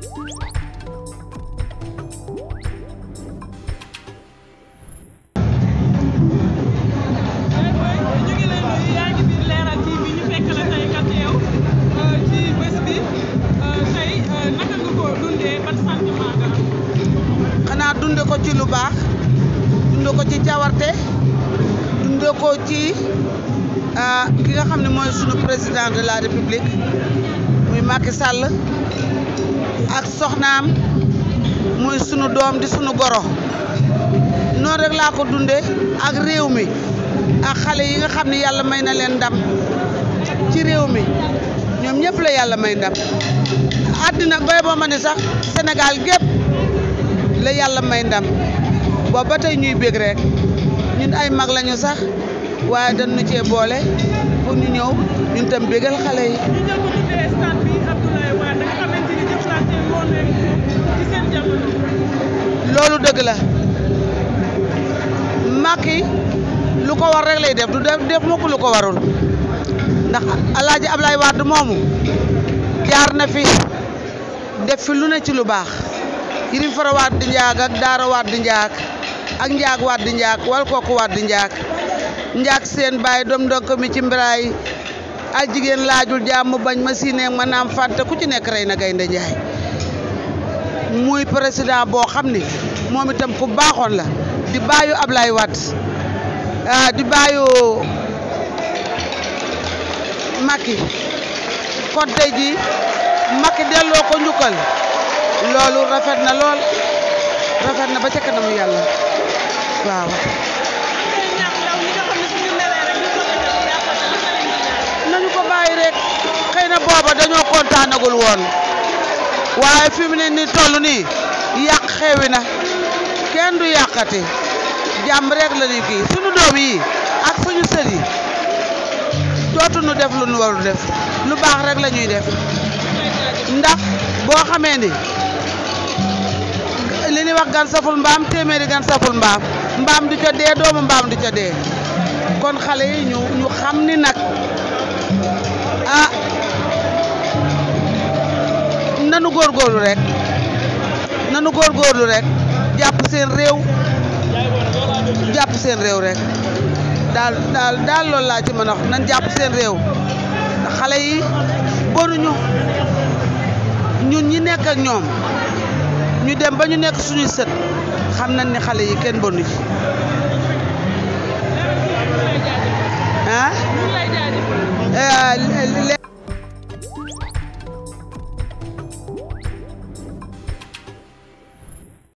xanaa dunde ko ci lu baax dunde ko ci jawarte dunde ko ci ah, ki nga xam ne mooy sunu président de la république muy Macky Sall ak soxnaam muy sunu doom di sunu goro noonu rek laa ko dunde ak réew mi ak xale yi nga xam ni yàlla may na leen ndam ci réew mi ñoom ñëpp la yàlla may ndam àddina bay boo ma ne sax senegaal gépp la yàlla may ndam boobu ba tey ñuy bég rek ñun ay mag lañu sax waaye dañ cee boole pour ñu ñëw ñun tam bégal xale yi. loolu dëgg la Macky lu ko war rek lay def du def mukk lu ko warul ndax alaaji Ablaye Wade moomu jaar na fi def fi lu ne ci lu baax Yirim Fara Wade Ndiaag ak Daara Wade Ndiaag ak Ndiaag Wade Ndiaag wal kooku Wade Ndiaag Ndiaag seen baay doom ndonk mi ci mbiraay ak jigéen laajul jaam mu bañ ma siinee ma naam fàtte ku ci nekk rey na gaynde Njaay muy président boo xam ni moom itam ku baaxoon la di bàyyu Ablaye Wade ah, di bàyyu Macky kon tey ji Macky delloo ko njukkal loolu rafet na lool rafet na ba ca kanamu yàlla waaw nañu ko bàyyi rek xëy na booba dañoo kontaanagul woon waaye fi mu ne nii toll nii yàq xewi na kenn du yàqati jàmm rek la kii suñu doom yi ak suñu sët yi dootuñu def lu ñu warul def lu baax rek la ñuy def ndax boo xamee ni li ñuy wax gan saful mbaam téeméeri gan saful mbaam mbaam du ca dee doomu mbaam du ca dee kon xale yi ñu ñu xam ni nag ah nanu góorlu rek nanu góor góorlu rek jàpp seen réew jàpp seen réew rek daal daal daal loolu laa ci mën a wax nan jàpp seen réew xale yi bonuñu ñun ñi nekk ak ñoom ñu dem ba ñu nekk suñuy sët xam nañ ni xale yi kenn ci